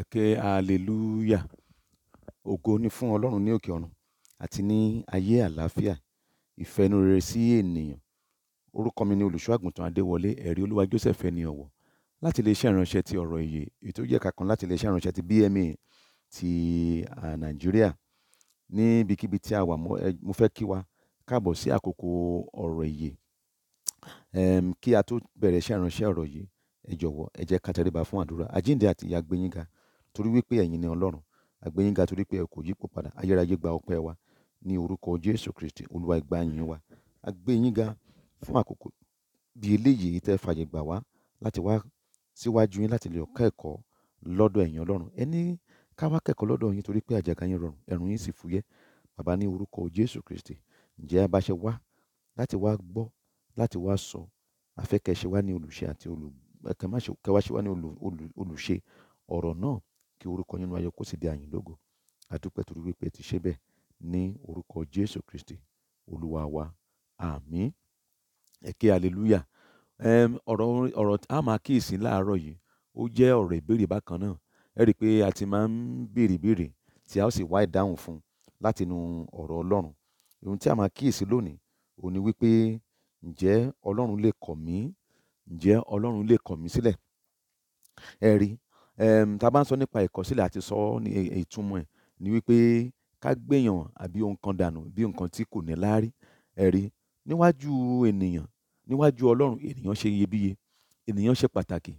Ẹ̀kẹ́ hallelujah. Ogo ni fún Ọlọ́run ní òkè ọ̀run àti ní ayé àlàáfíà. Ìfẹ́ inú rere sí ènìyàn. Orúkọ mi ni Olùṣọ́àgùntàn Adéwọlé, ẹ̀rí Olúwa Joseph ẹni ọ̀wọ̀. Láti ilé iṣẹ́ ìránṣẹ́ ti ọ̀rọ̀ ìyè, èyí tó jẹ́ ẹ̀ka kan láti ilé iṣẹ́ ìránṣẹ́ ti BMA ti Nàìjíríà. Ní ibikíbi tí a wà, mo fẹ́ kí wa káàbọ̀ sí àkókò ọ̀rọ̀ ìyè. Kí a tó bẹ̀rẹ̀ iṣẹ́ ìránṣẹ́ ọ̀rọ̀ yìí, ẹ jọ̀wọ́ ẹ jẹ́ ká fún àdúrà. Àjíǹde àti ìyá gbé torí wípé ẹ̀yin ni Ọlọ́run. A gbé yín ga torí pé ẹ yípo padà. Ayérayé gba ọpẹ́ wa ní orúkọ Jésù Kristi Olúwa ìgbà yín wa. A gbé yín ga fún àkókò bí eléyìí tẹ́ fàyè gbà wá láti wá síwájú yín láti lè kẹ́kọ̀ọ́ lọ́dọ̀ ẹ̀yin Ọlọ́run. Ẹ ní ká wá kẹ́kọ̀ọ́ lọ́dọ̀ yín torí pé àjàgà yín rọrùn, ẹ̀rùn yín sì fúyẹ́. Bàbá ní orúkọ Jésù Kristi. Ǹjẹ́ a bá ṣe wá láti wá gbọ́, láti wá sọ, a wá ní olùṣe àti olùṣe ọ̀rọ̀ náà kí orúkọ yín nínú ayọ̀ kó sì di àyìn lógo àdúpẹ́ torí wípé ti ṣe bẹ́ẹ̀ ní orúkọ Jésù Kristi olúwa wa àmín ẹ ké hallelujah um, ọ̀rọ̀ ọ̀rọ̀ a máa kíyèsí láàárọ̀ yìí ó jẹ́ ọ̀rọ̀ ìbéèrè bákan náà ẹ rí i pé a ti máa ń béèrè ìbéèrè tí a ó sì wá ìdáhùn fún látinú ọ̀rọ̀ Ọlọ́run ohun tí a máa kíyèsí lónìí òun ni wípé ǹjẹ́ Ọlọ́run lè kọ̀ mí ǹjẹ́ Ọlọ́run lè kọ̀ mí sílẹ̀ ẹ rí um tá a bá ń sọ nípa ìkọ̀sílẹ̀ àti sọ ní ìtumọ̀ ẹ̀ ni wípé ká gbéyàn àbí ohun kan dànù bí nǹkan tí kò ní láárí ẹ̀rí níwájú ènìyàn níwájú ọlọ́run ènìyàn ṣe iyebíye ènìyàn ṣe pàtàkì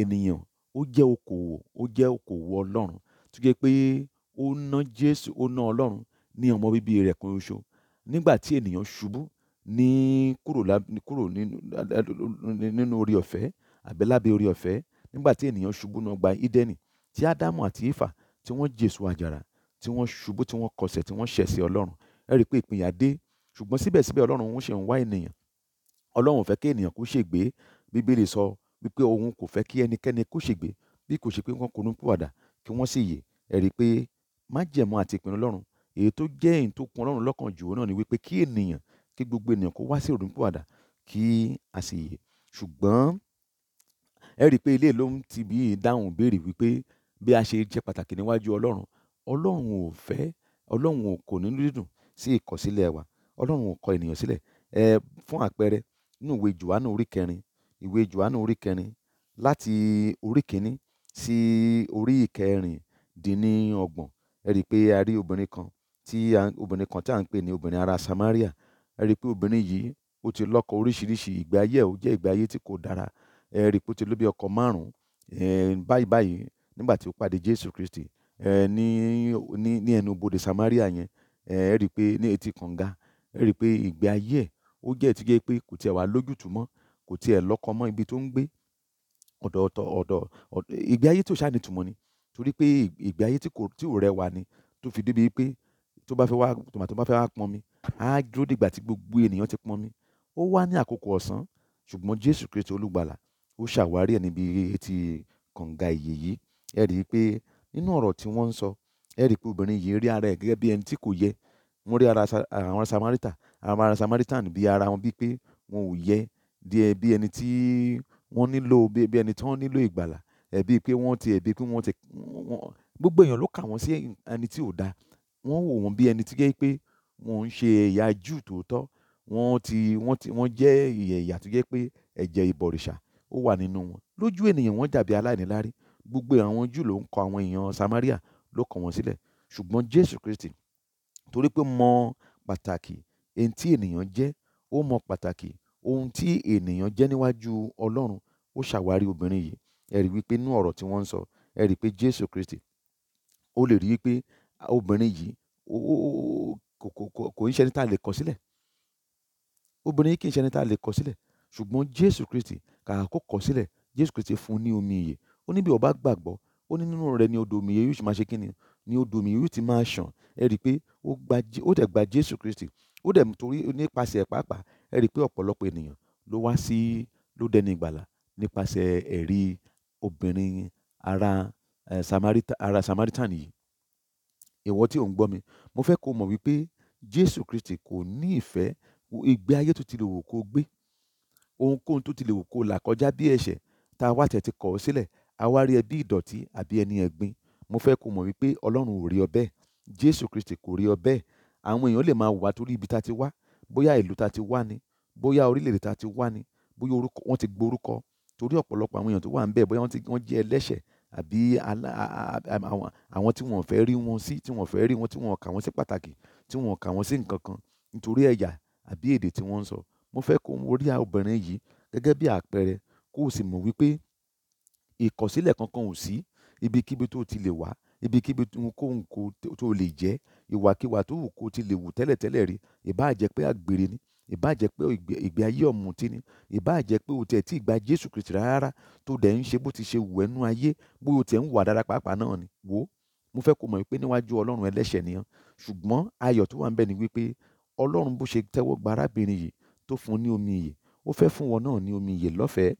ènìyàn ó jẹ́ okòwò ó jẹ́ okòwò ọlọ́run tó jẹ́ pé ó ná jésù ó ná ọlọ́run ní ọmọ bíbí rẹ̀ kan ṣoṣo nígbà tí ènìyàn ṣubú ní kúrò nínú orí ọ̀fẹ́ àbí lábẹ́ orí ọ̀fẹ́ nígbà tí ènìyàn ṣubú náà gba ídẹ́nì tí ádámù àti ífà tí wọ́n jèso àjàrà tí wọ́n ṣubú tí wọ́n kọsẹ̀ tí wọ́n ṣẹ̀sẹ̀ ọlọ́run ẹ rí i pé ìpínyà dé ṣùgbọ́n síbẹ̀síbẹ̀ ọlọ́run ń ṣe ń wá ènìyàn ọlọ́run fẹ́ kí ènìyàn kó ṣègbé bíbélì sọ wípé òun kò fẹ́ kí ẹnikẹ́ni kó ṣègbé bí kò ṣe pé wọ́n kò ní pàdà kí wọ́n sì yè ẹ rí i pé májẹ̀mú àti ìpinnu ọlọ́run èyí tó jẹ́ èyí tó kún ọlọ́run lọ́kàn jù náà ni wípé kí ènìyàn kí gbogbo ènìyàn kó wá sí ìrònúpìwàdà kí a sì yè ṣùgbọ́n ẹ rí i pé eléyìí ló ń ti bí ìdáhùn béèrè wípé bí a ṣe jẹ́ pàtàkì níwájú ọlọ́run ọlọ́run ò fẹ́ ọlọ́run ò kò nínú dídùn sí ìkọ̀sílẹ̀ wa ọlọ́run ò kọ ènìyàn sílẹ̀ ẹ fún àpẹẹrẹ nínú ìwé johannu orí kẹrin ìwé johannu orí kẹrin láti orí kìíní sí orí ìkẹrin dín ní ọgbọ̀n ẹ rí i pé a rí obìnrin kan tí obìnrin kan tí à ń pè ní obìnrin ará Samaria ẹ rí i pé obìnrin yìí ó ti lọ́kọ oríṣiríṣi ìgbé ayé ẹ̀ ó jẹ́ ìgbé ayé tí kò dára ẹ rí i pé ó ti lóbi ọkọ̀ márùn-ún báyìí báyìí nígbà tí ó pàdé Jésù Kristi ní ẹnu bodè Samaria yẹn ẹ rí i pé ní etí kànga ẹ rí i pé ìgbé ayé ẹ̀ ó jẹ́ ìtí jẹ́ pé kò tiẹ̀ wá lójútùú mọ́ kò tiẹ̀ lọ́kọ mọ́ ibi tó ń gbé ọ̀dọ̀ ọ̀tọ̀ ọ̀dọ̀ ìgbé ayé tí ò ṣáà nítumọ̀ ni torí pé ìgbé ayé tí ò rẹwà ni tó fi débi pé tó bá fẹ́ wá tòmátò bá fẹ́ wá pọn mi á dúró dìgbà tí gbogbo ènìyàn ti pọn mi ó wá ní àkókò ọ̀sán ṣùgbọ́n Jésù Kristi olùgbàlà ó ṣàwárí ẹ̀ níbi etí kànga ìyè yìí. Ẹ rí i pé nínú ọ̀rọ̀ tí wọ́n ń sọ, ẹ rí i pé obìnrin yìí rí ara ẹ̀ gẹ́gẹ́ bí ẹni tí kò yẹ. Wọ́n rí ara àwọn Samaritan, àwọn Samaritan bí ara wọn bí pé wọn ò yẹ díẹ̀ bí ẹni tí wọ́n nílò, bí ẹni tí wọ́n nílò ìgbàlà. Ẹ̀ pé wọ́n ti, ẹ̀ pé wọ́n ti, gbogbo èèyàn ló kà wọ́n sí ẹni tí ò da. Wọ́n wò wọ́n bí ẹni tí jẹ́ pé wọ́n ń ṣe ẹ̀yà Júù tó Wọ́n ti, wọ́n ti, wọ́n jẹ́ ẹ̀yà tó jẹ́ pé ẹ̀jẹ̀ ìbọ̀rìṣà ó wà nínú wọn lójú ènìyàn wọ́n jà bí aláìníláárí gbogbo àwọn jù ló ń kọ àwọn èèyàn Samaria ló kọ̀ wọ́n sílẹ̀ ṣùgbọ́n Jésù Kristi torí pé mọ pàtàkì ohun tí ènìyàn jẹ́ ó mọ pàtàkì ohun tí ènìyàn jẹ́ níwájú Ọlọ́run ó ṣàwárí obìnrin yìí ẹ rí wípé inú ọ̀rọ̀ tí wọ́n ń sọ ẹ rí pé Jésù Kristi ó lè rí wípé obìnrin yìí kò ń ṣe ẹni tá lè kọ̀ sílẹ̀ obìnrin yìí kì í ṣe ẹni tá lè kọ̀ sílẹ̀ ṣùgbọ́n Jésù Kristi kàkà kó kọ̀ sílẹ̀, Jésù Kristi fún un ní omi ìyè. Ó ní bí o gbàgbọ́, ó ní nínú rẹ ni odò omi ìyè yóò ti máa ṣe kíni, ni odò omi yóò ti máa sàn. Ẹ rí i pé ó gba, ó dẹ̀ gba Jésù Kristi. Ó dẹ̀ torí nípasẹ̀ pàápàá, ẹ rí i pé ọ̀pọ̀lọpọ̀ ènìyàn ló wá sí, ló dẹni ìgbàlà nípasẹ̀ ẹ̀rí obìnrin ará Samaritan, ará Samaritan yìí. Ìwọ tí ò ń gbọ́ mi, mo fẹ́ kó mọ̀ wípé Jésù Kristi kò ní ìfẹ́ ìgbé ayé tó ti lè wù kó gbé ohunkóhun tó ti lè wù kó là kọjá bí ẹ̀ṣẹ̀ tá a wá tẹ̀ ti kọ̀ ọ́ sílẹ̀ a wá rí ẹ bí ìdọ̀tí àbí ẹni ẹ̀gbin mo fẹ́ kó mọ̀ wípé ọlọ́run ò rí ọ bẹ́ẹ̀ jésù kristi kò rí ọ bẹ́ẹ̀ àwọn èèyàn lè máa wà torí ibi tá ti wá bóyá ìlú tá ti wá ni bóyá orílẹ̀-èdè tá a ti wá ni bóyá orúkọ wọ́n ti gborúkọ torí ọ̀pọ̀lọpọ̀ àwọn èèyàn tó wà ń bẹ̀ bóyá wọ́n jẹ́ ẹlẹ́ṣẹ̀ àbí àwọn tí wọ́n fẹ́ rí wọn sí tí wọ́n fẹ́ rí wọn tí wọ́n kà wọ́n sí pàtàkì tí wọ́n kà wọ́n sí nǹkan kan nítorí ẹ̀yà àbí èdè tí wọ́n ń sọ mo fẹ́ kó o rí obìnrin yìí gẹ́gẹ́ bí àpẹẹrẹ kó o sì mọ̀ wípé ìkọ̀sílẹ̀ kankan ò sí ibikíbi tó ti lè wà ibikíbi ohunkóhun tó lè jẹ́ ìwàkiwà tó wù kó ti lè wù tẹ́lẹ̀tẹ́lẹ̀ rí ìbáà jẹ́ pé àgbèrè ni ìbáà jẹ́ pé ìgbé ayé ọ̀mùtí ni ìbáà jẹ́ pé o tẹ̀ tí ìgbà Jésù Kristi rárá tó dẹ̀ ń ṣe bó ti ṣe wù ẹ́ ayé bó o tẹ̀ ń wà dára pàápàá náà ni wò mo fẹ́ kó mọ̀ wípé níwájú Ọlọ́run ẹlẹ́ṣẹ̀ nìyẹn ṣùgbọ́n ayọ̀ tó wà ń bẹ ni wípé Ọlọ́run bó ṣe tẹ́wọ́ gba arábìnrin yìí tó fún ní omi ìyè ó fẹ́ fún ìwọ náà ní omi ìyè lọ́fẹ̀ẹ́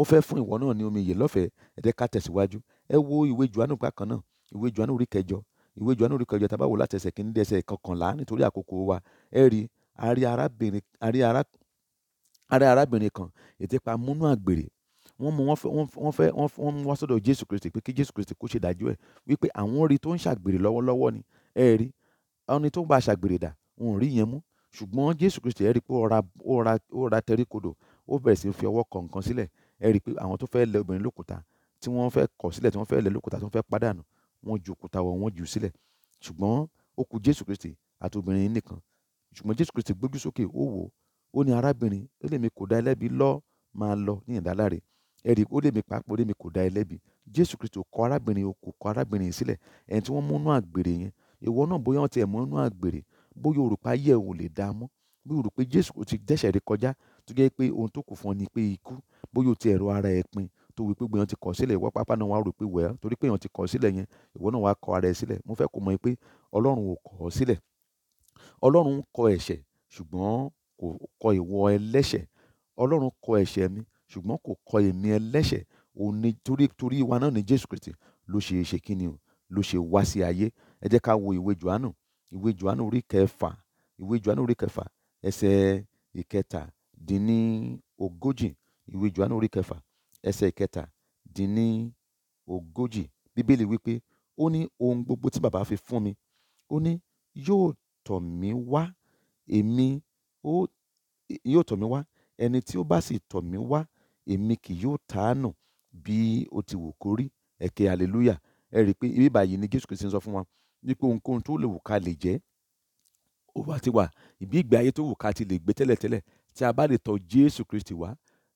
ó fẹ́ fún ìwọ náà ní omi ìyè lọ́fẹ̀ẹ́ ẹ jẹ́ ká tẹ̀síwájú ẹ wo ìwé Jòhánù bákan náà ìwé Jòhánù orí kẹjọ ìwé Jòhánù orí kẹjọ tábàwò láti ẹsẹ̀ kìíní dẹ́sẹ̀ kọkànlá nítorí àkókò wa ẹ rí arí arábìnrin arí ará arí arábìnrin kan ètè pa múnú àgbèrè wọ́n mú wọ́n fẹ́ wọ́n fẹ́ wọ́n mú wá sọ́dọ̀ Jésù Kristi pé kí Jésù Kristi kó ṣe dájú ẹ̀ wípé àwọn orí tó ń ṣàgbèrè lọ́wọ́lọ́wọ́ ni ẹ rí ẹni tó ń bá ṣàgbèrè dà òun rí yẹn mú ṣùgbọ́n jésù kristi ẹ rí i pé ó ra ó ra ó ra tẹríkodò ó bẹ̀rẹ̀ sí fi ọwọ́ kọ nǹkan sílẹ̀ ẹ rí i pé àwọn tó fẹ́ lẹ obìnrin lókùúta tí wọ́n fẹ́ kọ̀ sílẹ̀ tí wọ́n fẹ́ lẹ lókùúta tí wọ́n fẹ́ pàdánù wọ́n ju òkúta wọ̀ wọ́n jù sílẹ̀ ṣùgbọ́n ó kù jésù kristi àti obìnrin nìkan ṣùgbọ́n jésù kristi gbójú sókè ó wò ó ní arábìnrin ó lè mi kò dá ẹlẹ́bi lọ́ máa lọ ní ìdáláre ẹ rí i ó lè mi pàápàá ó lè mi kò dá ẹlẹ́bi jésù kristi kọ arábìnrin kò kọ arábìnrin sílẹ̀ ẹni tí wọ́n mú nú àgbèrè yẹn ìwọ náà bóyá wọ́n ti mú nú àgbèrè bóyá o rò pé ayé ẹ ò lè dáa mọ́ bóyá o rò pé Jésù o ti dẹ́ṣẹ̀ ré kọjá tó jẹ́ pé ohun tó kù fún ọ ni pé ikú bóyá o ti ẹ̀rọ ara ẹ pin tó wí pé gbìyànjú ti kọ̀ sílẹ̀ ìwọ pápá náà wà rò pé wẹ̀ torí pé èèyàn ti kọ̀ sílẹ̀ yẹn ìwọ náà wà kọ ara ẹ sílẹ̀ mo fẹ́ kó mọ̀ pé Ọlọ́run ò kọ̀ ọ́ sílẹ̀ Ọlọ́run kọ ẹ̀ṣẹ̀ ṣùgbọ́n kò kọ ìwọ ẹlẹ́ṣẹ̀ Ọlọ́run kọ ẹ̀ṣẹ̀ mi ṣùgbọ́n kò kọ èmi ẹlẹ́ṣẹ̀ òun ni torí torí wa náà ni Jésù Kristi ló ṣe é ṣe kí ni o ló ṣe wá sí ayé ẹ jẹ́ ká wo ìwé Jòhánù ìwé Jòhánù orí kẹfà ìwé Jòhánù orí kẹfà ẹsẹ̀ ìkẹta dín ní ogójì ìwé Jòhánù orí kẹfà ẹsẹ̀ ìkẹta dín ní ogójì bíbélì wípé ó ní ohun gbogbo tí bàbá fi fún mi ó ní yóò tọ̀ mí wá èmi ó yóò tọ̀ mí wá ẹni tí ó bá sì tọ̀ mí wá èmi kì yóò tàánù bí ó ti wù kó ẹ̀kẹ́ hallelujah ẹ rí i pé ibi báyìí ni Jésù Kristi ń sọ fún wa Ni pé ohunkóhun tó lè wù ká lè jẹ́ ó wá ti wà ìbí ìgbé ayé tó wù ká ti lè gbé tẹ́lẹ̀tẹ́lẹ̀ tí a bá lè tọ̀ Jésù Kristi wá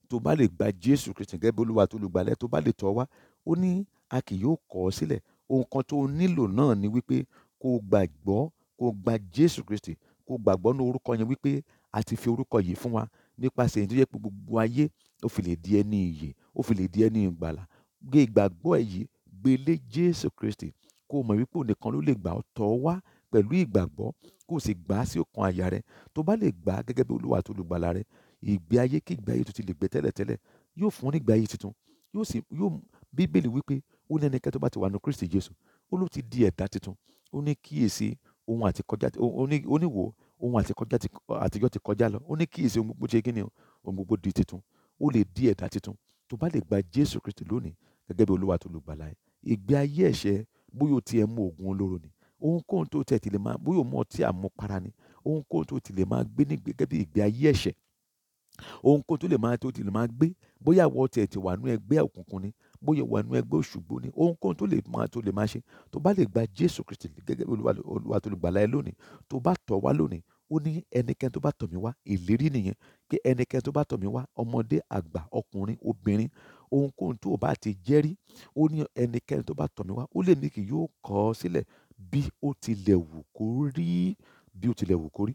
tó bá lè gba Jésù Kristi gẹ́gẹ́ bí Olúwa tó lùgbàlẹ̀ tó bá lè tọ̀ wá ó ní a kì yóò kọ̀ ọ́ sílẹ̀ ohun kan tó nílò náà ni wípé kó o gbàgbọ́ kó o gba Jésù Kristi kó o gbàgbọ́ ní orúkọ yẹn wípé a ti fi orúkọ yìí fún wa nípasẹ̀ èyí tó yẹ pé gbogbo ayé ó fi lè di ẹni ìyè ó fi lè di ẹni ìgbàlà gbé ìgbàgbọ́ ẹ̀ yìí gbélé Jésù Kristi kó o mọ̀ wípé onìkan ló lè gbà ọ́ tọ́ ọ wá pẹ̀lú ìgbàgbọ́ kó o sì gbà á sí ọkàn àyà rẹ tó bá lè gbà á gẹ́gẹ́ bí olúwa tó lùgbàlà rẹ ìgbé ayé kí ìgbé ayé tó ti lè gbé tẹ́lẹ̀tẹ́lẹ̀ yóò fún ní ìgbé ayé tuntun yóò sì yóò bíbélì wípé ó ní ẹnikẹ́ni tó bá ti wà nù kristi jésù ó ló ti di ẹ̀dá tuntun ó ní kíyèsí ohun àtikọjá ó ní wò ohun àtikọjá àtijọ́ ti kọjá lọ ó ní kíyèsí ohun gbogbo ṣe kí ni ohun gbogbo di tuntun ó lè di ẹ̀dá tuntun tó bá lè gba jésù kristi lónìí gẹ́gẹ́ bí olúwa tó lùgbàlà ìgbé ayé ẹ̀ṣẹ̀ bóyá o tiẹ̀ mú oògùn olóró ni ohunkóhun tó tiẹ̀ ti lè máa bóyá o mú ọtí àmupara ni ohunkóhun tó ti lè máa gbé ní gẹ́gẹ́ bí ìgbé ayé ẹ̀ṣẹ̀ ohunkóhun tó lè máa tó ti máa gbé bóyá ìwọ tiẹ̀ ti wà nú ẹgbẹ́ òkùnkùn ni bóyá wà nú ẹgbẹ́ òṣùgbó ni ohunkóhun tó lè máa tó lè máa ṣe tó bá lè gba Jésù Kristi gẹ́gẹ́ bí olúwa tó lè gbàlà ẹ lónìí tó bá tọ̀ wá lónìí ó ní ẹnikẹ́ni tó bá tọ̀ mí wá ìlérí nìyẹn pé ẹnikẹ́ni tó bá tọ̀ mí wá ọmọdé àgbà ọkùnrin obìnrin ohunkóhun tó o bá ti jẹ́ rí ó ní ẹnikẹ́ni tó bá tọ̀ mí wá ó lè ní kì yóò kọ̀ ọ́ sílẹ̀ bí ó tilẹ̀ wù kó rí bí ó tilẹ̀ wù kó rí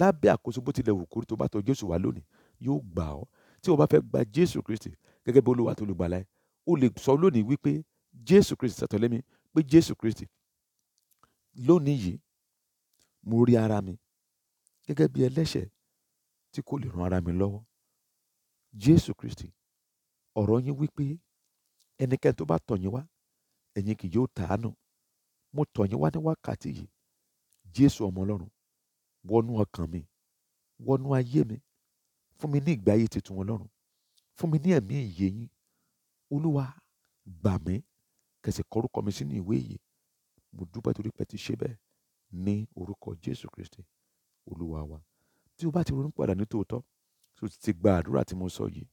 lábẹ́ àkóso bó tilẹ̀ wù kó rí tó bá tọ̀ Jésù wá lónìí yóò gbà ọ́ tí o bá fẹ́ gba Jésù Kristi gẹ́gẹ́ bí Olúwa tó lè gbàlà ẹ́ o lè sọ lónìí wípé Jésù Kristi sàtọ̀lẹ́mi pé Jésù Kristi lónìí yìí mo rí ara mi gẹ́gẹ́ bí ẹlẹ́ṣẹ̀ tí kò lè ran ara mi lọ́wọ́ Jésù Kristi ọ̀rọ̀ yín wípé ẹnikẹ́ni tó bá tọ̀ yín wá ẹ̀yin kì yóò tàánù mo tọ̀ yín wá ní wákàtí yìí jésù ọmọ ọlọ́run wọnú ọkàn mi wọnú ayé mi fún mi ní ìgbé ayé tuntun ọlọ́run fún mi ní ẹ̀mí ìyè yín olúwa gbà mí kẹsì kọrúkọ mi sínú ìwé yìí mo dúpẹ́ torí pé ti ṣe bẹ́ẹ̀ ní orúkọ jésù kristi olúwa wa tí o bá ti ronú padà ní tòótọ́ tí ti gba àdúrà tí mo sọ yìí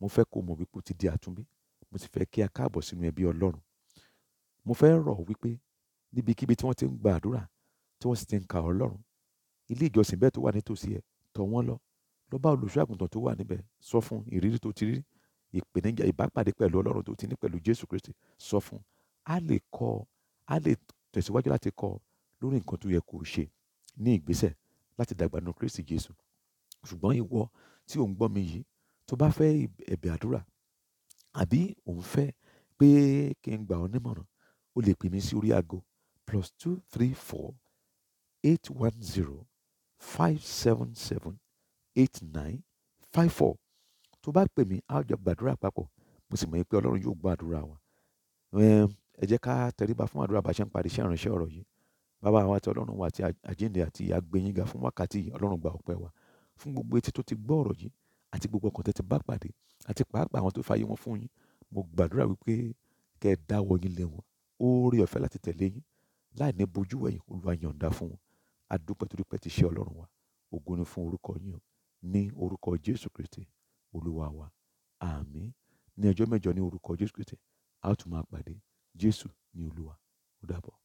Mo fẹ́ kó mọ̀ wípé ó ti di àtúnbí. Mo sì fẹ́ kí a káàbọ̀ sínú ẹbí Ọlọ́run. Mo fẹ́ rọ̀ wípé níbikíbi tí wọ́n ti ń gba àdúrà, tí wọ́n sì ti ń ka Ọlọ́run, ilé ìjọsìn bẹ́ẹ̀ tó wà nítòsí ẹ, tọ̀ wọ́n lọ. Lọ bá olùṣọ́ àgùntàn tó wà níbẹ̀, sọ fún ìrírí tó ti rí, ìpèníjà ìbápàdé pẹ̀lú Ọlọ́run tó ti ní pẹ̀lú Jésù Kristi, sọ fún. A lè kọ́, a lè tẹ̀síwájú láti kọ́ lórí nǹkan tó yẹ kó ṣe ní ìgbésẹ̀ láti dàgbà nínú Kristi Jésù. Ṣùgbọ́n ìwọ tí ò ń gbọ́ mi yìí, tó bá fẹ́ ẹ̀bẹ̀ àdúrà àbí ò ń fẹ́ pé kí n gbà ọ́ nímọ̀ràn o lè pè mí sí orí aago plus two three four eight one zero five seven seven eight nine five four tó bá pè mí á jọ gbàdúrà papọ̀ mo sì mọ̀ pé ọlọ́run yóò gbọ́ àdúrà wa ẹ jẹ́ ká tẹríba fún àdúrà bá ṣe ń parí iṣẹ́ ìránṣẹ́ ọ̀rọ̀ yìí bàbá wa àti ọlọ́run wa àti àjíǹde àti agbẹ́yìnga fún wákàtí ọlọ́run gba ọpẹ́ wa fún gbogbo etí tó ti gbọ́ ọ̀rọ̀ yìí àti gbogbo ọkàn tẹ́ ti bá pàdé àti pàápàá àwọn tó fàyè wọn fún yín mo gbàdúrà wípé kẹ́ ẹ dáwọ́ yín lé wọn oore ọ̀fẹ́ láti tẹ̀lé yín láì ní bojú ẹ̀yìn Olúwa yọ̀ǹda fún wọn adúpẹ́ torí pé ti ṣe Ọlọ́run wa ògo ni fún orúkọ yín ní orúkọ Jésù Kristi Olúwa wa àmín ní ọjọ́ mẹ́jọ ní orúkọ Jésù Kristi a ó tún máa pàdé Jésù ní Olúwa ó dàbọ̀.